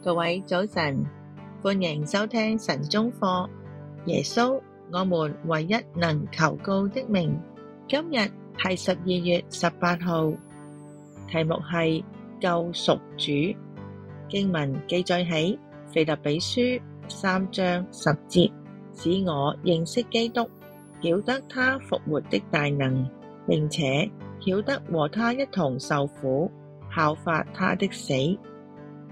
各位早晨，歡迎收聽晨鐘課。耶穌，我們唯一能求告的名。今日係十二月十八號，題目係救贖主。經文記載喺腓立比書三章十節，使我認識基督，曉得他復活的大能，並且曉得和他一同受苦，效法他的死。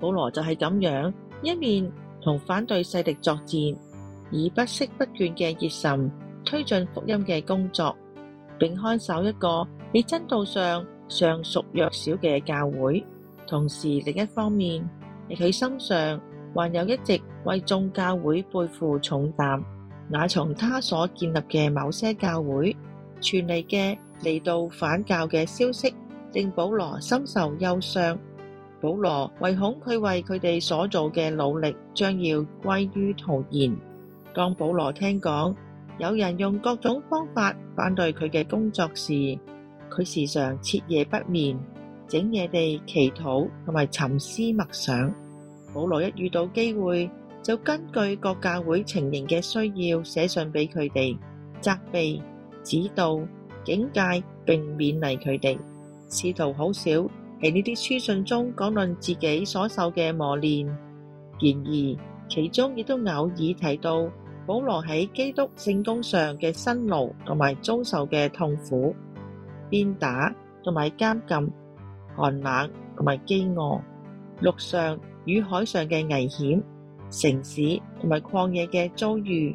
保羅就係咁樣，一面同反對勢力作戰，以不息不倦嘅熱心推進福音嘅工作，並看守一個喺真道上尚屬弱小嘅教會；同時另一方面，亦佢心上還有一直為眾教會背負重擔。乃從他所建立嘅某些教會傳嚟嘅嚟到反教嘅消息，令保羅深受憂傷。保羅唯恐佢為佢哋所做嘅努力將要歸於徒然。當保羅聽講有人用各種方法反對佢嘅工作時，佢時常徹夜不眠，整夜地祈禱同埋沉思默想。保羅一遇到機會，就根據各教會情形嘅需要寫信俾佢哋，責備、指導、警戒並勉勵佢哋，試圖好少。喺呢啲書信中講論自己所受嘅磨練，然而其中亦都偶爾提到保羅喺基督聖工上嘅辛勞同埋遭受嘅痛苦、鞭打同埋監禁、寒冷同埋飢餓、陸上與海上嘅危險、城市同埋曠野嘅遭遇、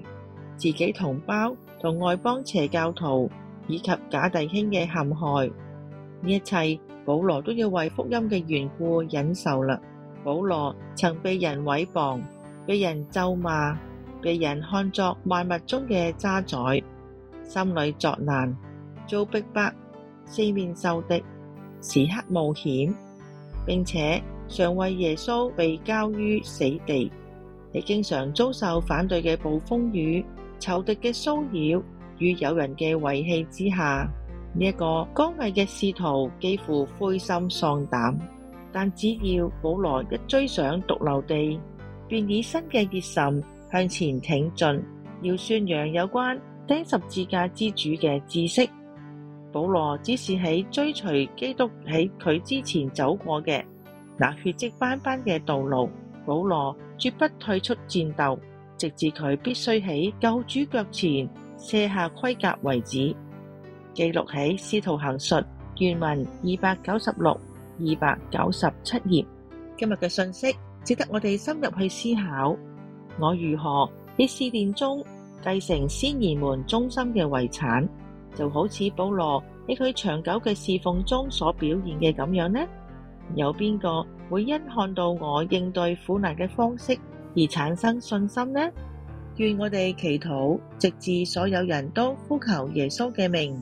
自己同胞同外邦邪教徒以及假弟兄嘅陷害。呢一切保羅都要為福音嘅緣故忍受嘞。保羅曾被人毀謗，被人咒罵，被人看作萬物中嘅渣滓，心裏作難，遭逼迫，四面受敵，時刻冒險，並且常為耶穌被交於死地，亦經常遭受反對嘅暴風雨、仇敵嘅騷擾與友人嘅遺棄之下。呢一個剛毅嘅使徒幾乎灰心喪膽，但只要保羅一追上獨留地，便以新嘅熱忱向前挺進，要宣揚有關釘十字架之主嘅知識。保羅只是喺追隨基督喺佢之前走過嘅那血跡斑斑嘅道路，保羅絕不退出戰鬥，直至佢必須喺救主腳前卸下盔甲為止。記錄起《使徒行述》原文二百九十六、二百九十七頁。今日嘅信息值得我哋深入去思考：我如何喺試煉中繼承先賢們忠心嘅遺產？就好似保羅喺佢長久嘅侍奉中所表現嘅咁樣呢？有邊個會因看到我應對苦難嘅方式而產生信心呢？願我哋祈禱，直至所有人都呼求耶穌嘅名。